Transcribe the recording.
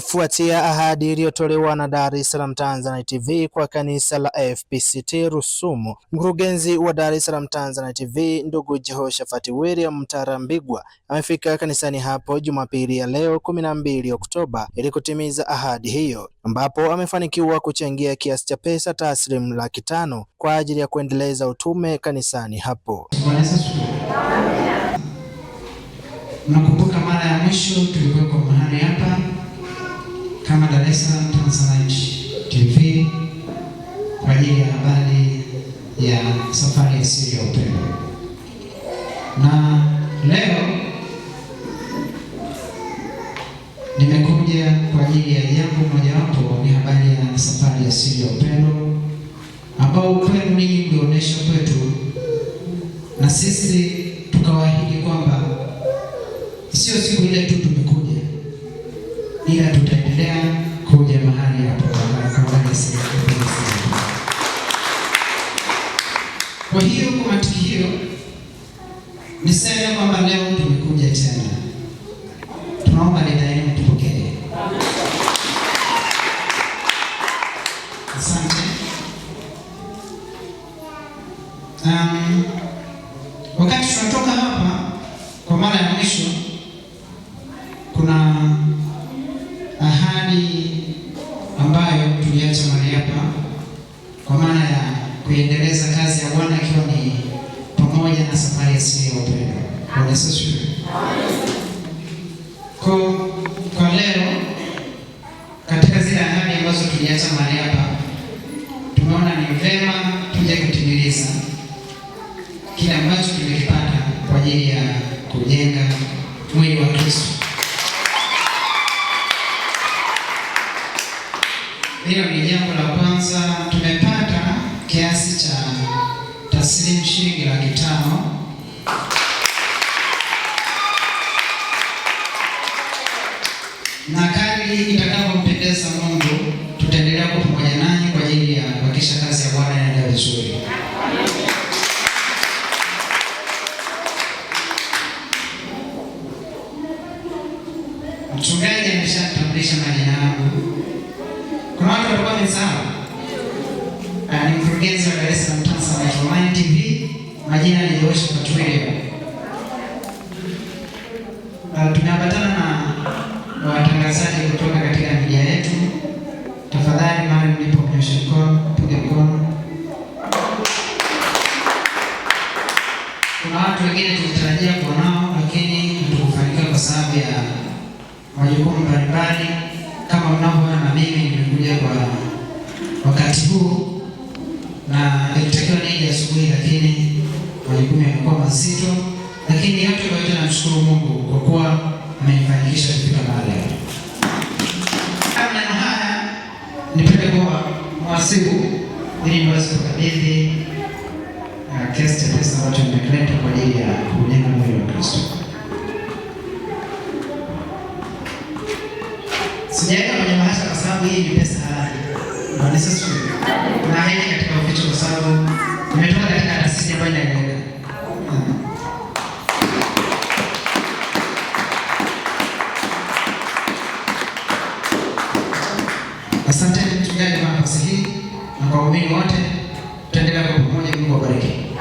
kufuatia ahadi iliyotolewa na Dar es Salaam Tanzanite TV kwa kanisa la FPCT Rusumo. Mkurugenzi wa Dar es Salaam Tanzanite TV ndugu Jehoshafati William Mtarambigwa amefika kanisani hapo Jumapili ya leo kumi na mbili Oktoba ili kutimiza ahadi hiyo, ambapo amefanikiwa kuchangia kiasi cha pesa taslimu laki tano kwa ajili ya kuendeleza utume kanisani hapo. Nakumbuka mara ya mwisho tulikuwa mahali hapa kama Dar es Salaam Tanzanite TV kwa ajili ya habari ya safari siri ya upendo, na leo nimekuja kwa ajili ya jambo mojawapo, ni habari ya safari siri ya upendo ambao kwenu ninyi mlionyesha kwetu, na sisi tukawaahidi kwamba sio siku ile tu tumekuja, ila tuta kuendelea kuja mahali hapo. Kwa hiyo kwa matukio niseme kwamba leo tumekuja tena, tunaomba dada yenu Asante. Um, wakati tunatoka hapa kwa mara ya mwisho kuna kuendeleza kazi ya Bwana ikiwa ni pamoja na safari ya ya upendo. Bwana asifiwe. Kwa kwa leo katika zile ahadi ambazo tuliacha mahali hapa, tumeona ni vema tuje kutimiliza kile ambacho tumekipata kwa ajili ya kujenga mwili wa Kristo. Hilo ni jambo la kwanza tumepata kiasi cha taslimu shilingi laki tano na kadri itakavyompendeza Mungu tutaendelea kuwa pamoja nanyi kwa ajili ya kuhakikisha kazi ya Bwana inaendelea vizuri. Mchungaji ameshatambulisha majina yangu. Kuna watu walikuwa wamesahau na ni mkurugenzi wa Dar es Salaam Tanzanite Online TV. Majina ni Joshua Katwile. Tumeambatana na watangazaji kutoka katika media yetu. Tafadhali mahali mlipo kunyosha mkono, piga mkono. Kuna watu wengine tulitarajia kuwa nao lakini hatukufanikiwa kwa sababu ya majukumu mbalimbali. Kama mnavyoona, na mimi nimekuja kwa wakati huu na nilitakiwa nije asubuhi, lakini majukumu yamekuwa mazito, lakini yote kwa yote namshukuru Mungu kwa kuwa amenifanikisha kufika mahali hapa. Maneno haya nipende kwa mwasibu ili niweze kukabidhi uh, kiasi cha pesa ambacho nimekileta kwa ajili ya kujenga mwili wa Kristo. Sijaweka kwenye mahasha kwa sababu hii ni pesa Bwana ah, Yesu asifiwe. Kuna hiki katika uficho kwa sababu nimetoka katika taasisi ambayo inaeleweka. Ah. Asante mchungaji kwa nafasi hii na kwa waumini wote, tutaendelea kwa pamoja. Mungu awabariki.